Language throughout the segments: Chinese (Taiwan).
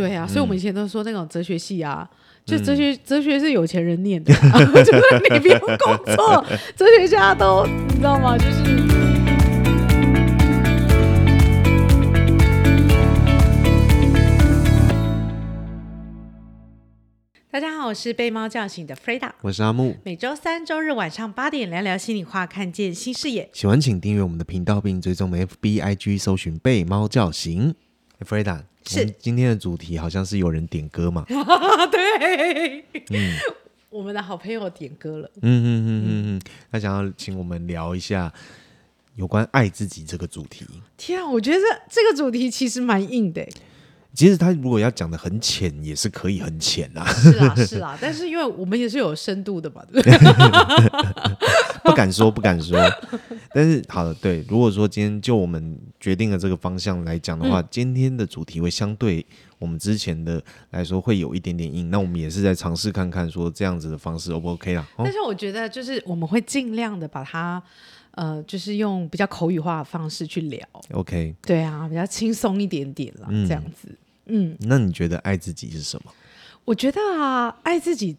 對啊，所以我們以前都說那種哲學系啊，嗯、就哲學，哲學是有錢人念的，嗯、 就是你不用工作， 哲學家都你知道嗎？就是。大家好，我是被貓叫醒的 Freda。我是阿木，每周三周日晚上八點聊聊心裡話，看見新視野。喜歡請訂閱我們的頻道，並追蹤 FB IG，搜尋“被貓叫醒 ”Freda。是我們今天的主題好像是有人點歌嘛？啊、對，嗯，我們的好朋友點歌了。嗯嗯嗯嗯嗯，他想要請我們聊一下有關愛自己這個主題。天啊，我覺得這個主題其實蠻硬的。其實他如果要講得很淺，也是可以很淺啊，是。是啦，是啊，但是因為我們也是有深度的嘛。對不對？ 不敢說，不敢說。 但是，好了，對，如果說今天就我們決定了這個方向來講的話，嗯、今天的主題會相對我們之前的來說會有一點點硬，那我們也是在嘗試看看說這樣子的方式 O 不 OK 啦？哦、但是我覺得就是我們會盡量的把它，呃，就是用比較口語化的方式去聊，OK？對啊，比較輕鬆一點點了，嗯、這樣子，嗯。那你覺得愛自己是什麼？我覺得啊，愛自己。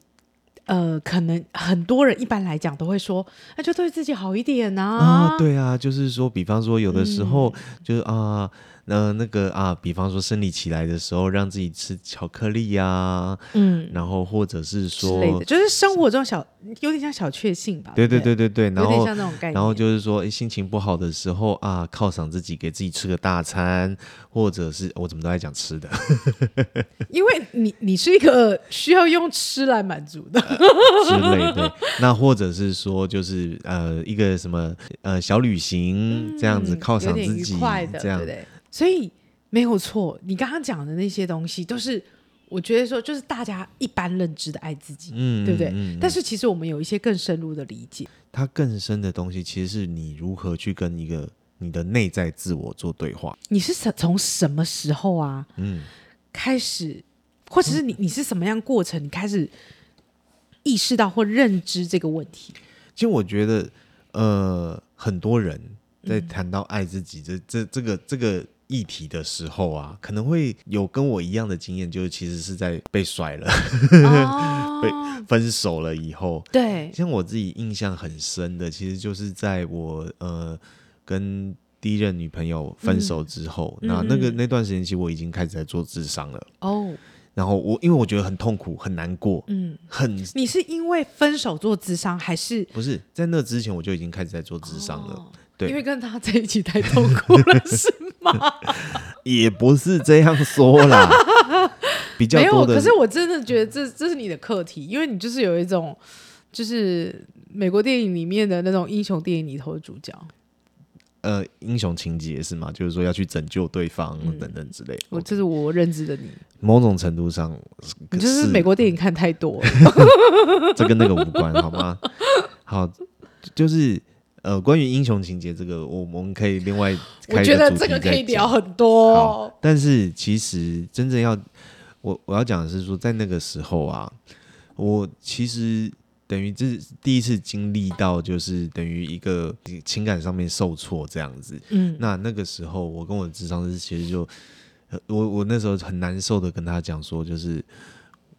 呃，可能很多人一般來講都會說，那、啊、就對自己好一點吶、啊。啊，對啊，就是說，比方說，有的時候、嗯、就是啊。呃那、呃、那個啊，比方說生理期來的時候，讓自己吃巧克力呀、啊，嗯，然後或者是說，就是生活中小，有點像小確幸吧？對對，對對對對對，有然後，然後就是說，心情不好的時候啊，犒賞自己，給自己吃個大餐，或者是我怎麼都愛講吃的， 因為你你是一個需要用吃來滿足的、呃、 之類的。那或者是說，就是呃一個什麼呃小旅行、嗯、這樣子，犒賞自己，這樣對，對。所以沒有錯，你剛剛講的那些東西都是，我覺得說就是大家一般認知的愛自己，嗯，對不對？嗯嗯、但是其實我們有一些更深入的理解。它更深的東西其實是你如何去跟一個你的內在自我做對話。你是從什麼時候啊？嗯，開始，或者是你你是什麼樣過程？嗯、你開始意識到或認知這個問題？其實我覺得，呃，很多人在談到愛自己、嗯、這這這個這個。這個議題的時候啊，可能會有跟我一樣的經驗，就是其實是在被甩了，哦、 被分手了以後。對，像我自己印象很深的，其實就是在我呃跟第一任女朋友分手之後，嗯、那那個嗯嗯那段時間其實我已經開始在做諮商了。哦，然後我因為我覺得很痛苦，很難過，嗯，很。你是因為分手做諮商，還是不是在那之前我就已經開始在做諮商了？哦。對因為跟他在一起太痛苦了， 是嗎？也不是這樣說啦。 比較多沒有，可是我真的覺得這這是你的課題，因為你就是有一種，就是美國電影裡面的那種英雄電影裡頭的主角。呃，英雄情節是嗎？就是說要去拯救對方等等之類。我這是我認知的你。OK 某種程度上，就是美國電影看太多了，嗯、 這跟那個無關，好嗎？好，就是。呃，關於英雄情結這個，我們可以另外我覺得這個可以聊很多。但是其實真正要我我要講的是說，在那個時候啊，我其實等於這是第一次經歷到，就是等於一個情感上面受挫這樣子。嗯，那那個時候我跟我的諮商師其實就我我那時候很難受的跟他講說，就是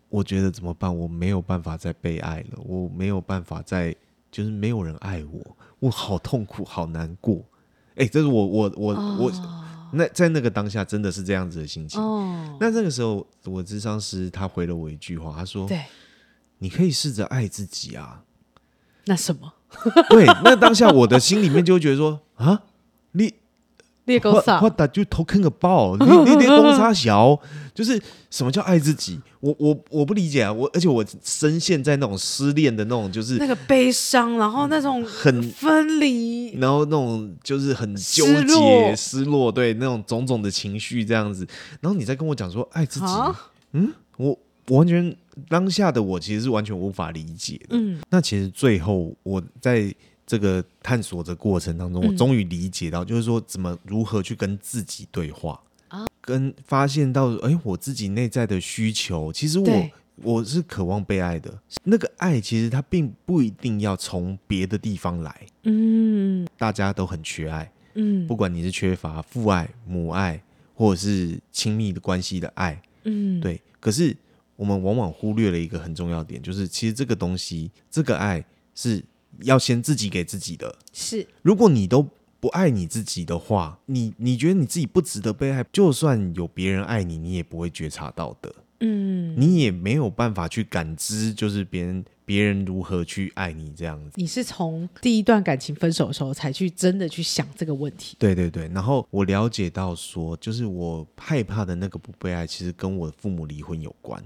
我覺得怎麼辦？我沒有辦法再被愛了，我沒有辦法再就是沒有人愛我。我好痛苦，好難過，哎、欸，這是我我我、oh. 我，那在那個當下真的是這樣子的心情。Oh. 那那個時候，我諮商師他回了我一句話，他說：“對，你可以試着愛自己啊。”那什麼？ 對，那當下我的心裡面就會覺得說啊， 你。獵狗傻，我打就偷坑個包。你獵狗傻小， 就是什麼叫愛自己？我我我不理解啊！我而且我深陷在那種失戀的那種，就是那個悲傷，然後那種分、嗯、很分離，然後那種就是很糾結、失落，失落，對那種種種的情緒這樣子。然後你再跟我講說愛自己，好嗯我，我完全當下的我其實是完全無法理解的。嗯，那其實最後我在。這個探索的過程當中，我終於理解到，就是說怎麼如何去跟自己對話，嗯、跟發現到，哎，我自己內在的需求，其實我對我是渴望被愛的。那個愛，其實它並不一定要從別的地方來。嗯，大家都很缺愛。嗯，不管你是缺乏父愛、母愛，或者是親密的關係的愛。嗯，對。可是我們往往忽略了一個很重要點，就是其實這個東西，這個愛是。要先自己給自己的。是如果你都不愛你自己的話，你你覺得你自己不值得被愛，就算有別人愛你，你也不會覺察到的。嗯，你也沒有辦法去感知，就是別人別人如何去愛你這樣子。你是從第一段感情分手的時候才去真的去想這個問題？對對對。然後我了解到說，就是我害怕的那個不被愛，其實跟我的父母離婚有關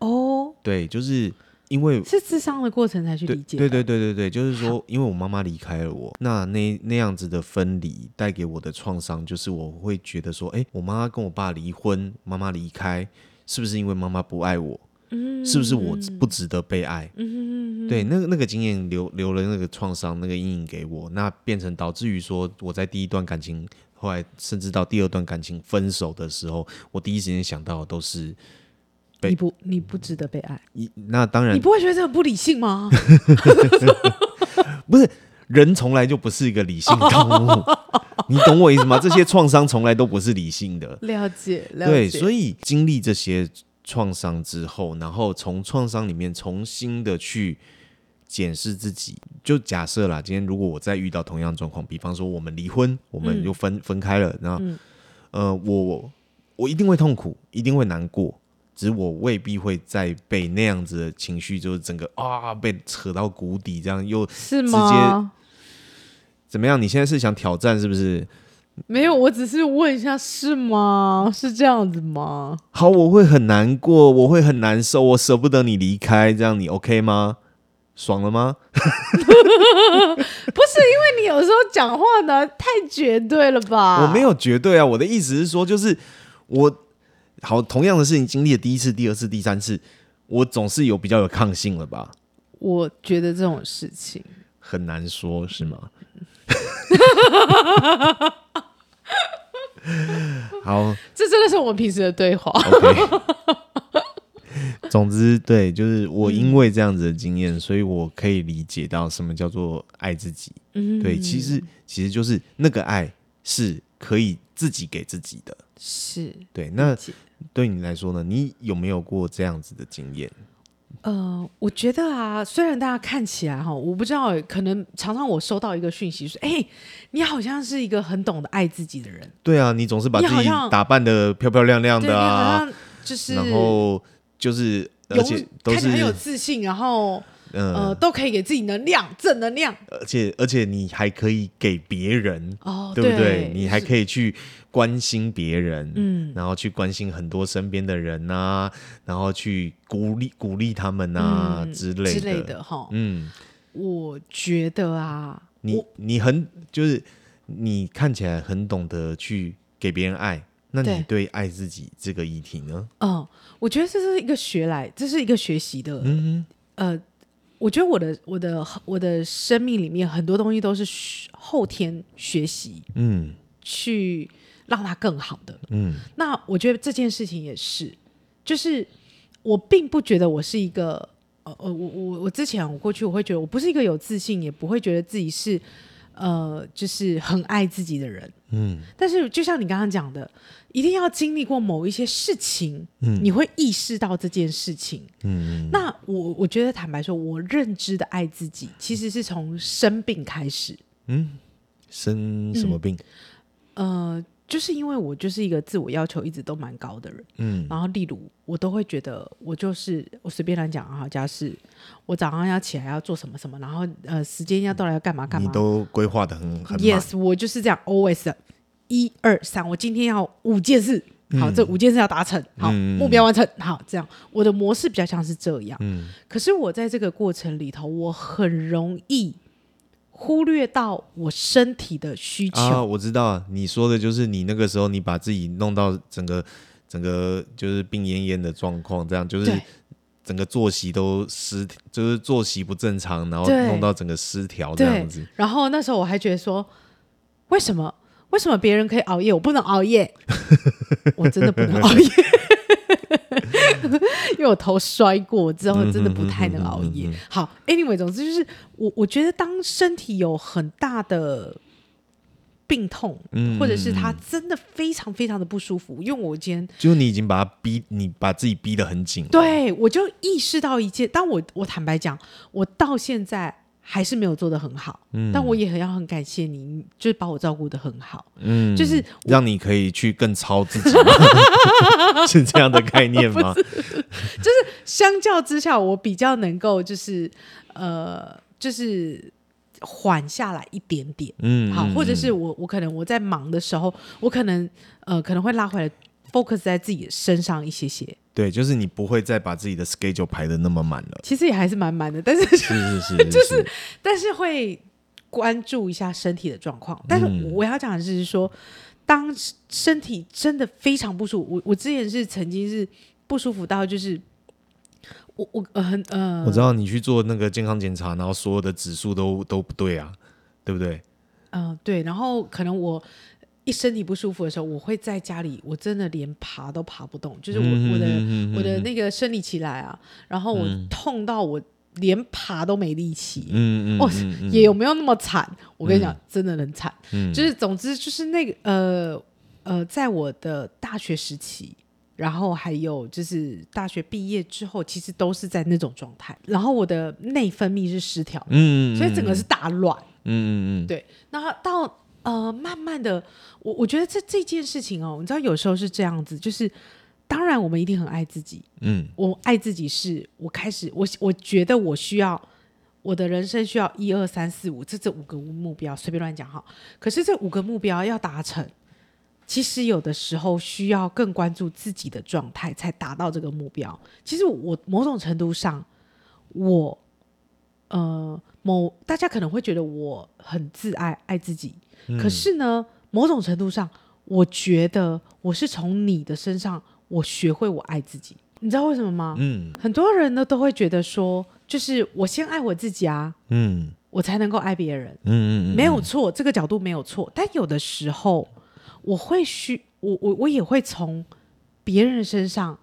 哦。對，就是。因為是諮商的過程才去理解的。對對對對對，就是說，因為我媽媽離開了我，好那那那樣子的分離帶給我的創傷，就是我會覺得說，哎，我媽媽跟我爸離婚，媽媽離開，是不是因為媽媽不愛我？嗯，是不是我不值得被愛？嗯對，那個那個經驗留留了那個創傷、那個陰影給我，那變成導致於說，我在第一段感情，後來甚至到第二段感情分手的時候，我第一時間想到的都是。你不，你不值得被愛。你那當然，你不會覺得這很不理性嗎？ 不是，人從來就不是一個理性的動物。哦、哈哈哈哈，你懂我意思嗎？這些創傷從來都不是理性的。了解，了解。對，所以經歷這些創傷之後，然後從創傷裡面重新的去檢視自己。就假設啦，今天如果我再遇到同樣狀況，比方說我們離婚，我們就分、嗯、分開了，然後、嗯呃、我我一定會痛苦，一定會難過。實我未必會再被那樣子的情緒，就是整個啊，被扯到谷底。這樣又是嗎？直接怎麼樣？你現在是想挑戰是不是？沒有，我只是問一下，是嗎？是這樣子嗎？好，我會很難過，我會很難受，我舍不得你離開，這樣你 OK 嗎？爽了嗎？ 不是，因為你有時候講話呢太絕對了吧？我沒有絕對啊，我的意思是說，就是我。好，同樣的事情經歷了第一次、第二次、第三次，我總是有比較有抗性了吧？我覺得這種事情很難說，是嗎？嗯、 好，這真的是我們平時的對話、okay。總之，對，就是我因為這樣子的經驗，嗯、所以我可以理解到什麼叫做愛自己。嗯、對，其實其實就是那個愛是可以自己給自己的。是，對，那。對你來說呢？你有沒有過這樣子的經驗？呃，我覺得啊，雖然大家看起來哈，我不知道，可能常常我收到一個訊息說，哎、欸，你好像是一個很懂得愛自己的人。對啊，你總是把自己打扮得漂漂亮亮的啊，就是，然後就是，而且都是開始很有自信，然後。嗯，都可以給自己能量，正能量。而且而且，你還可以給別人哦，對不對？你還可以去關心別人，嗯，然後去關心很多身邊的人吶，然後去鼓勵鼓勵他們吶之類的之類的哈。嗯，我覺得啊，你你很就是你看起來很懂得去給別人愛，那你對愛自己這個議題呢？哦，我覺得這是一個學來，這是一個學習的，嗯呃。我覺得我的我的我的生命裡面很多東西都是後天學習，嗯，去讓它更好的，嗯。那我覺得這件事情也是，就是我並不覺得我是一個，呃呃，我我我之前我過去我會覺得我不是一個有自信，也不會覺得自己是。呃，就是很愛自己的人，嗯，但是就像你剛剛講的，一定要經歷過某一些事情，嗯，你會意識到這件事情，嗯，那我我覺得坦白說，我認知的愛自己其實是從生病開始，嗯，生什麼病？嗯、呃。就是因為我就是一個自我要求一直都蠻高的人，嗯，然後例如我都會覺得，我就是，我隨便來講啊，家事，我早上要起來要做什麼什麼，然後呃時間要到來要幹嘛幹嘛，幹嘛，你都規劃的很，很，yes，我就是這樣，always，一二三，我今天要五件事，好，嗯，這五件事要達成，好，嗯，目標完成，好，這樣，我的模式比較像是這樣，嗯，可是我在這個過程裡頭，我很容易。忽略到我身體的需求。啊，我知道你說的就是你那個時候，你把自己弄到整個整個就是病懨懨的狀況，這樣就是整個作息都失，就是作息不正常，然後弄到整個失調這樣子。然後那時候我還覺得說，為什麼為什麼別人可以熬夜，我不能熬夜？ 我真的不能熬夜。 因為我頭摔過之後，真的不太能熬夜。好，Anyway，總之就是我我覺得當身體有很大的病痛，或者是他真的非常非常的不舒服，因為我今天就你已經把他逼，你把自己逼得很緊。對，我就意識到一件，但我我坦白講，我到現在。還是沒有做得很好，嗯、但我也很要很感謝你，就是把我照顧得很好，嗯，就是讓你可以去更超自己， 是這樣的概念嗎？不是，就是相較之下， 我比較能夠就是呃，就是緩下來一點點，嗯，好，或者是我我可能我在忙的時候，我可能呃可能會拉回來 focus 在自己身上一些些。對，就是你不會再把自己的 schedule 排得那麼滿了。其實也還是蠻滿的，但是是是是，是，就是，是，是但是會關注一下身體的狀況。但是我要講的是說，嗯、當身體真的非常不舒服，我我之前是曾經是不舒服到就是我我很呃，很呃我知道你去做那個健康檢查，然後所有的指數都都不對啊，對不對？啊、呃，對，然後可能我。一身體不舒服的時候，我會在家裡，我真的連爬都爬不動，就是我我的，嗯嗯嗯，我的那個生理期來啊，然後我痛到我連爬都沒力氣，嗯，嗯嗯，哦，也有沒有那麼慘？我跟你講，嗯，真的很慘，嗯，就是總之就是那個呃呃，在我的大學時期，然後還有就是大學畢業之後，其實都是在那種狀態，然後我的內分泌是失調，嗯，所以整個是大亂，嗯，嗯嗯對，那到。呃，慢慢的，我我覺得這這件事情哦，你知道有時候是這樣子，就是當然我們一定很愛自己，嗯，我愛自己是，我開始我我覺得我需要我的人生需要一二三四五這這五個目標，隨便亂講哈，可是這五個目標要達成，其實有的時候需要更關注自己的狀態才達到這個目標。其實我，我某種程度上，我呃某大家可能會覺得我很自愛，愛自己。嗯、可是呢，某種程度上，我覺得我是從你的身上，我學會我愛自己。你知道為什麼嗎？嗯，很多人呢都會覺得說，就是我先愛我自己啊，嗯，我才能夠愛別人。嗯嗯，嗯，沒有錯，嗯、這個角度沒有錯。但有的時候，我會需我我我也會從別人身上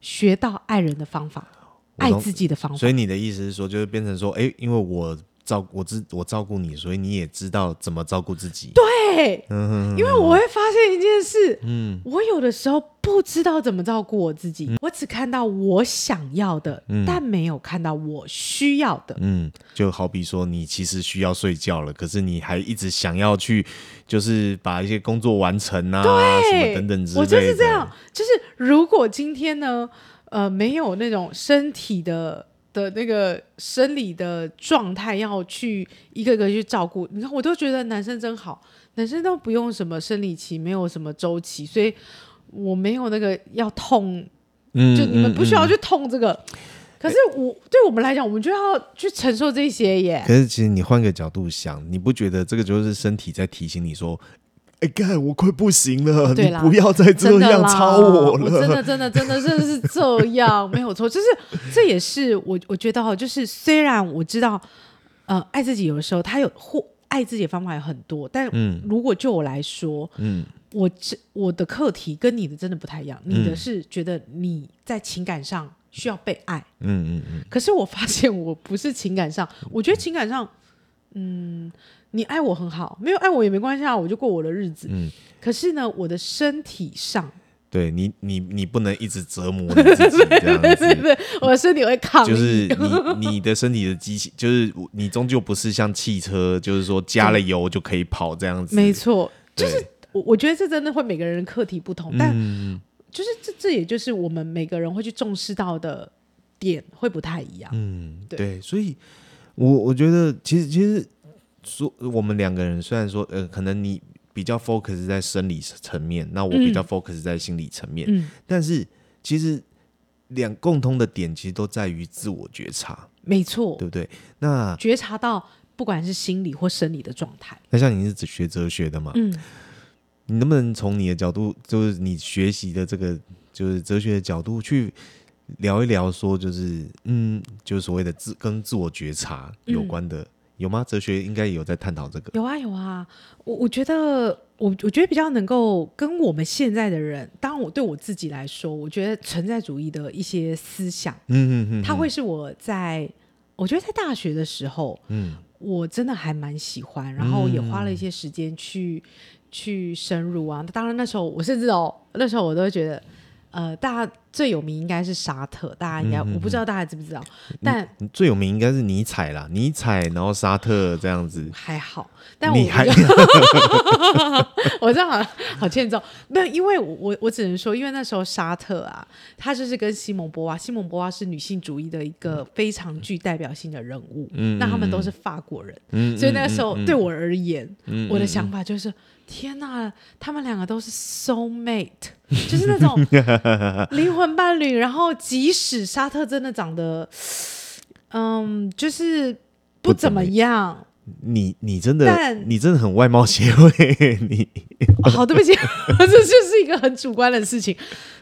學到愛人的方法，都愛自己的方法。所以你的意思是說，就是變成說，哎，因為我。照我知我照顧你，所以你也知道怎麼照顧自己。對，嗯呵呵，因為我會發現一件事，嗯，我有的時候不知道怎麼照顧我自己，嗯、我只看到我想要的，但沒有看到我需要的。嗯，就好比說，你其實需要睡覺了，可是你還一直想要去，就是把一些工作完成啊，對，什麼等等之類的。我就是這樣，就是如果今天呢，呃，沒有那種身體的。的那個生理的狀態要去一個個去照顧，你看我都覺得男生真好，男生都不用什麼生理期，沒有什麼周期，所以我沒有那個要痛，嗯、就你們不需要去痛這個。嗯嗯、可是我、欸、對我們來講，我們就要去承受這些耶。可是其實你換個角度想，你不覺得這個就是身體在提醒你說？哎，幹、欸，我快不行了！對啦你不要再這樣操我了！真的，真的，真的，真的是這樣， 沒有錯，就是這也是我我覺得，哈，就是雖然我知道，呃，愛自己有的時候，他有或愛自己的方法有很多，但、嗯、如果就我來說，嗯，我這我的課題跟你的真的不太一樣，嗯、你的是覺得你在情感上需要被愛，嗯嗯，嗯嗯可是我發現我不是情感上，我覺得情感上，嗯。你愛我很好，沒有愛我也沒關係啊，我就過我的日子。嗯，可是呢，我的身體上，對你，你，你不能一直折磨你自己這樣子 對，對，對，我的身體會抗議。就是你，你的身體的機器，就是你終究不是像汽車，就是說加了油就可以跑這樣子。沒錯對，對就是我，我覺得這真的會每個人的課題不同，嗯、但就是這這也就是我們每個人會去重視到的點會不太一樣。嗯，對，對，所以我，我我覺得其實其實。說我們兩個人雖然說，呃，可能你比較 focus 在生理層面，那我比較 focus 在心理層面，嗯、但是其實兩共通的點其實都在於自我覺察，沒錯，對不對？那覺察到不管是心理或生理的狀態，那像你是只學哲學的嘛？嗯，你能不能從你的角度，就是你學習的這個就是哲學的角度去聊一聊，說就是嗯，就是所謂的自跟自我覺察有關的、嗯。有嗎？哲學應該也有在探討這個。有啊有啊，我我覺得我我覺得比較能夠跟我們現在的人，當然我對我自己來說，我覺得存在主義的一些思想，嗯嗯嗯，它會是我在我覺得在大學的時候，嗯，我真的還蠻喜歡，然後也花了一些時間去、嗯、去深入啊。當然那時候我甚至哦，那時候我都覺得。呃，大家最有名應該是沙特，大家應該、嗯嗯、我不知道大家知不知道，嗯，但最有名應該是尼采啦。尼采，然後沙特這樣子還好，但我就，還 我就好好欠揍，那因為我我，我只能說，因為那時候沙特啊，他就是跟西蒙波娃西蒙波娃，啊是女性主義的一個非常具代表性的人物，嗯，嗯，嗯，那他們都是法國人，嗯，嗯，嗯，所以那個時候嗯嗯嗯對我而言，嗯嗯嗯我的想法就是。天哪、啊，他們兩個都是 soulmate，就是那種靈魂伴侶。 然後即使沙特真的長得，嗯，就是不怎麼樣，麼你你真的，但你真的很外貌協會。你、哦、好，對不起，呵呵 這就是一個很主觀的事情。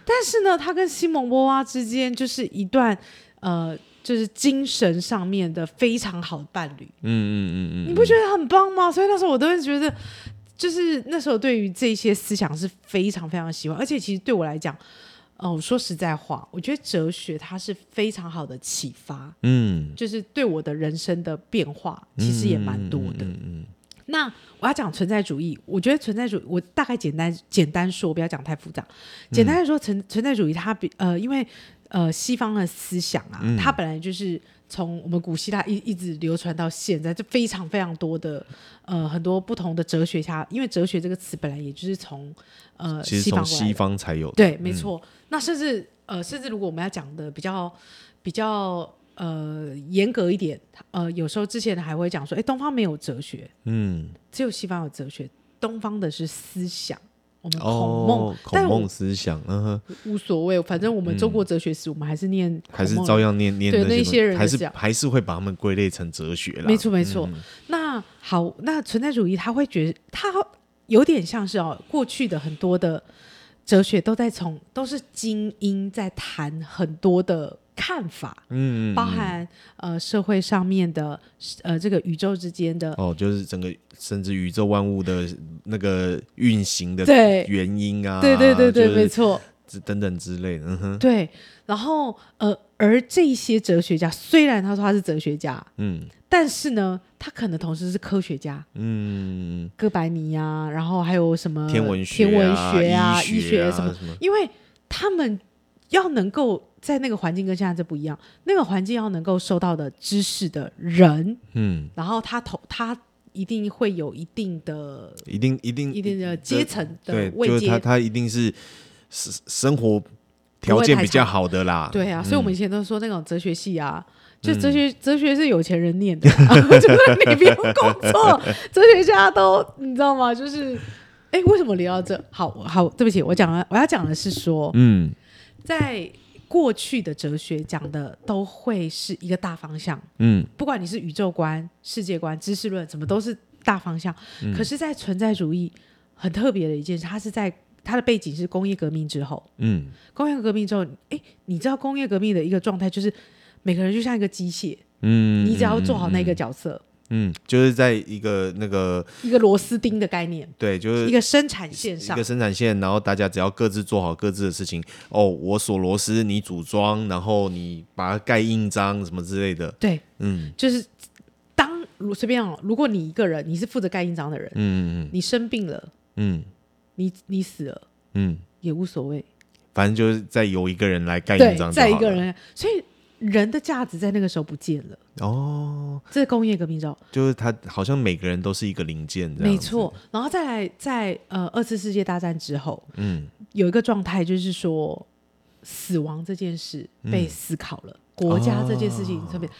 但是呢，他跟西蒙波娃之間就是一段呃，就是精神上面的非常好的伴侶。嗯嗯嗯嗯，你不覺得很棒嗎？所以那時候我都會覺得。就是那時候，對於這些思想是非常非常喜歡，而且其實對我來講，哦、呃，說實在話，我覺得哲學它是非常好的啟發，嗯，就是對我的人生的變化，其實也蠻多的。嗯嗯嗯嗯嗯、那我要講存在主義，我覺得存在主義，我大概簡單簡單說，不要講太複雜。簡單來說，存存在主義它，呃，因為。呃，西方的思想啊，嗯、它本來就是從我們古希臘一一直流傳到現在，就非常非常多的呃很多不同的哲學家，因為哲學這個詞本來也就是從呃其實從西、西方才有的，對，沒錯。嗯、那甚至呃甚至如果我們要講的比較比較呃嚴格一點，呃有時候之前還會講說，哎、欸，東方沒有哲學，嗯，只有西方有哲學，東方的是思想。哦，孔孟我，但孔孟思想，嗯，無所謂，反正我們中國哲學史，我們還是念，還是照樣念念。對那些，對那些人還是還是會把他們歸類成哲學了。沒錯，沒錯。嗯。那好，那存在主義，他會覺得他有點像是哦，過去的很多的哲學都在從，都是精英在談很多的。看法，嗯，包含呃社會上面的呃這個宇宙之間的哦，就是整個甚至宇宙萬物的那個運行的對原因啊，對對對對，沒錯，等等之類的，嗯哼，對，然後呃，而這些哲學家雖然他說他是哲學家，嗯，但是呢，他可能同時是科學家，嗯，哥白尼呀，然後還有什麼天文學、天文學啊、醫學什麼，因為他們。要能夠在那個環境跟現在這不一樣，那個環境要能夠受到的知識的人，嗯，然後他投他一定會有一定的，一定一定一定的階層的位階，對，他他一定是生生活條件比較好的啦，對啊，嗯、所以我們以前都說那種哲學系啊，就哲學、嗯、哲學是有錢人念的，嗯、就是你不用工作， 哲學家都你知道嗎？就是，哎，為什麼聊到這？好好，對不起，我講了我要講的是說，嗯。在過去的哲學講的都會是一個大方向，嗯，不管你是宇宙觀、世界觀、知識論，什麼都是大方向。嗯、可是，在存在主義很特別的一件事，它是在它的背景是工業革命之後，嗯，工業革命之後，誒、欸，你知道工業革命的一個狀態就是每個人就像一個機械，嗯，你只要做好那個角色。嗯嗯嗯嗯，就是在一個那個一個螺絲釘的概念，對，就是一個生產線上一個生產線，然後大家只要各自做好各自的事情。哦，我鎖螺絲，你組裝，然後你把它蓋印章什麼之類的。對，嗯，就是當隨便哦，如果你一個人，你是負責蓋印章的人，嗯，嗯，你生病了，嗯，你你死了，嗯，也無所謂，反正就是在有一個人來蓋印章就好了，對，在一個人。所以。人的價值在那個時候不見了哦，這是工業革命之後，就是他好像每個人都是一個零件這樣，沒錯。然後再來，在呃二次世界大戰之後，嗯，有一個狀態就是說，死亡這件事被思考了，嗯、國家這件事情特別。哦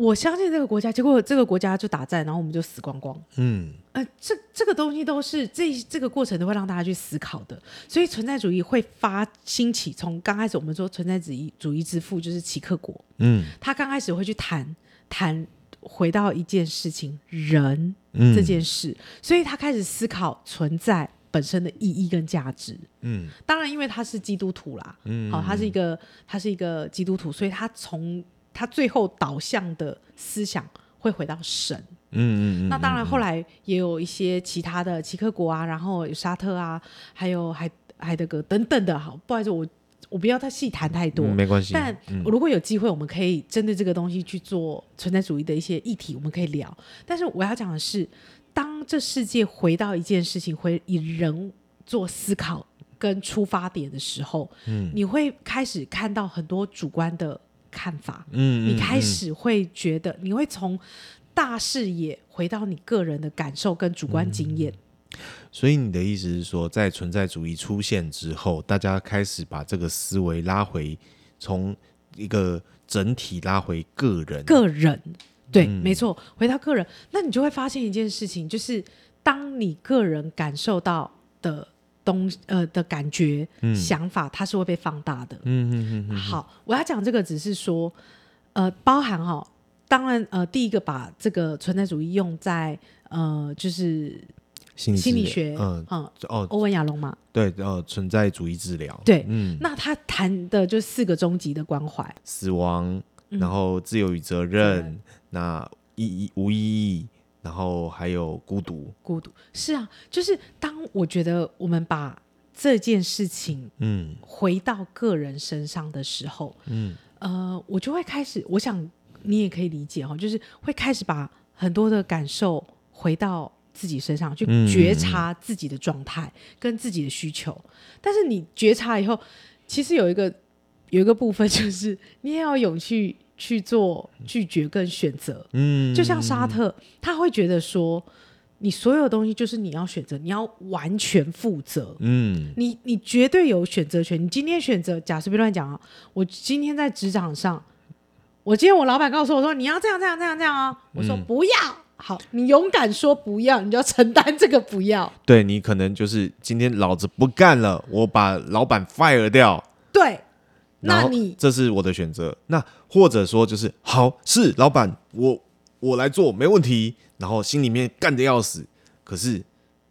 我相信這個國家，結果這個國家就打仗，然後我們就死光光。嗯，呃，這這個東西都是這這個過程都會讓大家去思考的，所以存在主義會發興起。從剛開始我們說存在主義主義之父就是齊克果。嗯，他剛開始會去談談回到一件事情，人這件事，嗯、所以他開始思考存在本身的意義跟價值。嗯，當然，因為他是基督徒啦，嗯，嗯，嗯，好、哦，他是一個他是一個基督徒，所以他從。他最後導向的思想會回到神，嗯嗯，嗯，那當然，後來也有一些其他的，齊克果啊，然後有沙特啊，還有海海德格等等的。好，不好意思，我我不要他細談太多，嗯、沒關係。但、嗯、如果有機會，我們可以針對這個東西去做存在主義的一些議題，我們可以聊。但是我要講的是，當這世界回到一件事情，會以人做思考跟出發點的時候，嗯，你會開始看到很多主觀的。看法，嗯,嗯,嗯，你開始會覺得，你會從大視野回到你個人的感受跟主觀經驗，嗯。所以你的意思是說，在存在主義出現之後，大家開始把這個思維拉回，從一個整體拉回個人，個人，對，嗯，沒錯，回到個人，那你就會發現一件事情，就是當你個人感受到的。東呃的感覺、想法，它是會被放大的。嗯嗯嗯。好，我要講這個，只是說，呃，包含哈，當然呃，第一個把這個存在主義用在呃，就是心，心理學，嗯嗯，哦，歐文亞隆嘛，對，呃，存在主義治療，對，嗯，那他談的就四個終極的關懷：死亡，然後自由與責任，那意無意義。然後還有孤獨，嗯、孤獨是啊，就是當我覺得我們把這件事情，嗯，回到個人身上的時候，嗯呃，我就會開始，我想你也可以理解、哦、就是會開始把很多的感受回到自己身上，去覺察自己的狀態跟自己的需求。嗯、但是你覺察以後，其實有一個有一個部分，就是你也要勇氣，去做拒絕跟選擇，嗯，就像沙特，他會覺得說，你所有東西就是你要選擇，你要完全負責，嗯，你你絕對有選擇權。你今天選擇，假設別亂講啊，我今天在職場上，我今天我老板告訴我說，你要這樣這樣這樣這樣啊，我說不要，嗯、好，你勇敢說不要，你就要承擔這個不要。對你可能就是今天老子不幹了，我把老板 fire 掉，對。那你這是我的選擇。那，你那或者說就是好，是老板，我我來做，沒問題。然後心裡面幹得要死，可是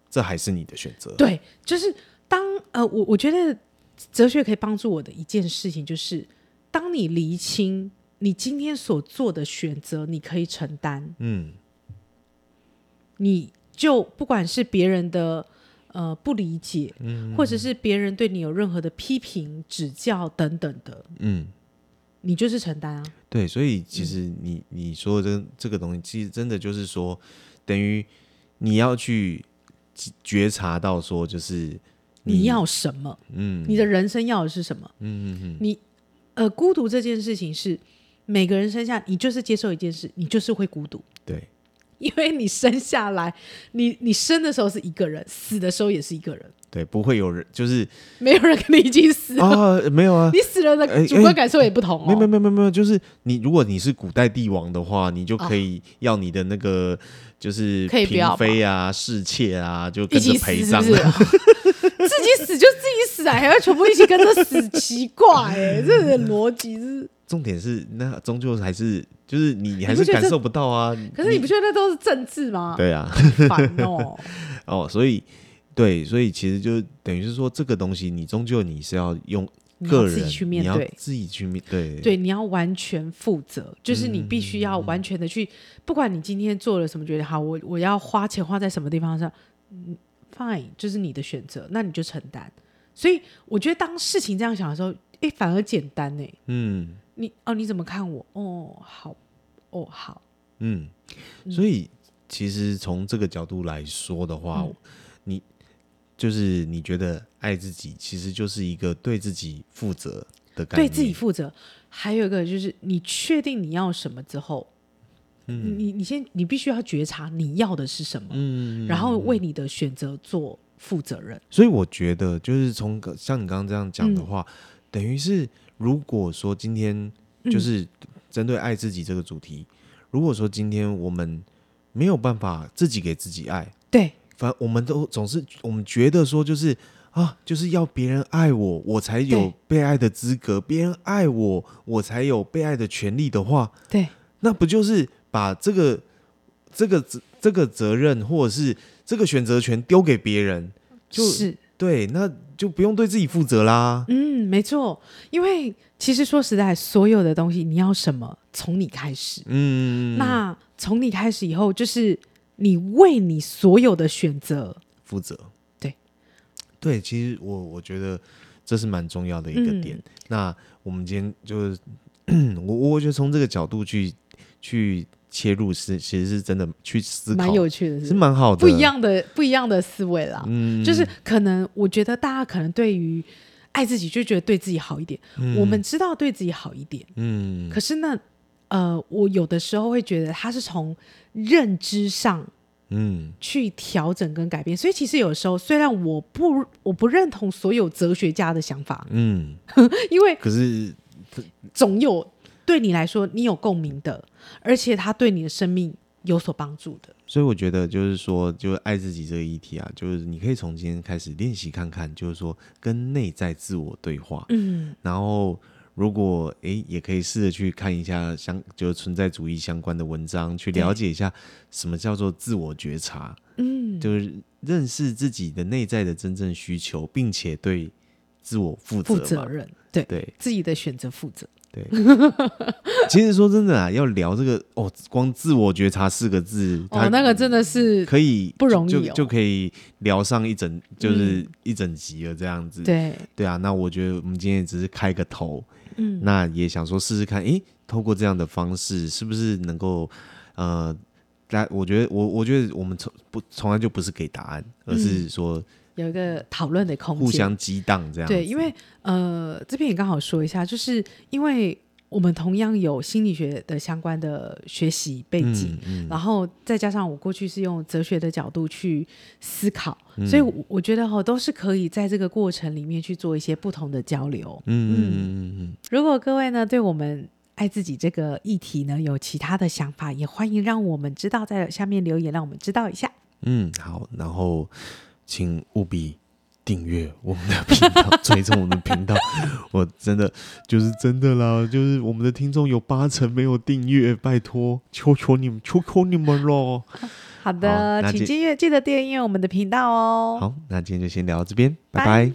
這還是你的選擇。對，就是當呃，我我覺得哲學可以幫助我的一件事情，就是當你釐清你今天所做的選擇，你可以承擔。嗯，你就不管是別人的。呃，不理解，或者是別人對你有任何的批評、指教等等的，嗯，你就是承擔啊。對，所以其實你你說的這這個東西，其實真的就是說，等於你要去覺察到，說就是你，你要什麼，嗯，你的人生要的是什麼，嗯嗯嗯。你呃，孤獨這件事情是每個人生下，你就是接受一件事，你就是會孤獨，對。因為你生下來，你你生的時候是一個人，死的時候也是一個人，對，不會有人，就是沒有人跟你一起死，啊、沒有啊，你死了的主觀感受也不同、哦欸欸欸，沒有沒有沒有沒有，就是你如果你是古代帝王的話，你就可以要你的那個就是可以嬪妃啊、侍妾啊，就跟着陪葬、啊，自己死就自己死啊，還要全部一起跟着死， 奇怪、欸，哎，這個邏輯是，重點是那終究還是。就是你，你還是你感受不到啊！可是你不覺得那都是政治嗎？對啊，很煩哦 哦，所以對，所以其實就等於是說，這個東西你終究你是要用個人去面對，自己去面對，自己去面對，對，你要完全負責，就是你必須要完全的去，嗯、不管你今天做了什麼決定，好，我我要花錢花在什麼地方上，嗯，fine，就是你的選擇，那你就承擔。所以我覺得當事情這樣想的時候，哎、欸，反而簡單呢、欸。嗯。你哦，你怎麼看我？哦，好，哦，好，嗯，所以其實從這個角度來說的話，嗯、你就是你覺得愛自己其實就是一個對自己負責的感覺，對自己負責，還有一個就是你確定你要什麼之後，嗯、你你你先你必須要覺察你要的是什麼，嗯，然後為你的選擇做負責任。所以我覺得就是從像你剛剛這樣講的話，嗯、等於是。如果說今天就是針對愛自己這個主題，嗯、如果說今天我們沒有辦法自己給自己愛，對，反正我們都總是我們覺得說就是啊，就是要別人愛我，我才有被愛的資格；對別人愛我，我才有被愛的權利的話，對，那不就是把這個這個這個責任或者是這個選擇權丟給別人？就是。對，那就不用對自己負責啦。嗯，沒錯，因為其實說實在，所有的東西你要什麼，從你開始。嗯，那從你開始以後，就是你為你所有的選擇負責。對，對，其實我我覺得這是蠻重要的一個點。嗯，那我們今天就是，我我覺得從這個角度去去。切入是其實是真的去思考，蠻有趣的是，是蠻好的，不一樣的不一樣的思維啦。嗯，就是可能我覺得大家可能對於愛自己就覺得對自己好一點，嗯、我們知道對自己好一點，嗯。可是呢，呃，我有的時候會覺得他是從認知上，嗯，去調整跟改變。嗯、所以其實有時候，雖然我不我不認同所有哲學家的想法，嗯， 因為可是總有。對你來說，你有共鳴的，而且它對你的生命有所幫助的。所以我覺得，就是說，就愛自己這個議題啊，就是你可以從今天開始練習看看，就是說跟內在自我對話。嗯，然後如果哎，也可以試着去看一下相，就是存在主義相關的文章，去了解一下什麼叫做自我覺察。嗯，就是認識自己的內在的真正需求，並且對自我負責，負責任，對，對，自己的選擇負責。對， 其實說真的啊，要聊這個哦，光“自我覺察”四個字，哦，那個真的是可以不容易，哦就，就就可以聊上一整，就是一整集了這樣子。嗯、對，對啊，那我覺得我們今天也只是開個頭，嗯，那也想說試試看，哎，欸，透過這樣的方式，是不是能夠呃，大家我覺得我我覺得我們從不從來就不是給答案，而是說。嗯有一個討論的空間，互相激盪這樣。對，因為呃，這邊也剛好說一下，就是因為我們同樣有心理學的相關的學習背景，嗯嗯、然後再加上我過去是用哲學的角度去思考，嗯、所以我，我覺得哈，都是可以在這個過程裡面去做一些不同的交流。嗯嗯嗯嗯。嗯嗯如果各位呢，對我們愛自己這個議題呢，有其他的想法，也歡迎讓我們知道，在下面留言，讓我們知道一下。嗯，好，然後。請務必訂閱我們的頻道， 追蹤我們的頻道。 我真的就是真的啦，就是我們的聽眾有八成沒有訂閱，拜托，求求你們，求求你們了。好的，好啊、請訂閱，記得訂閱我們的頻道哦。好，那今天就先聊到這邊，拜拜。拜拜。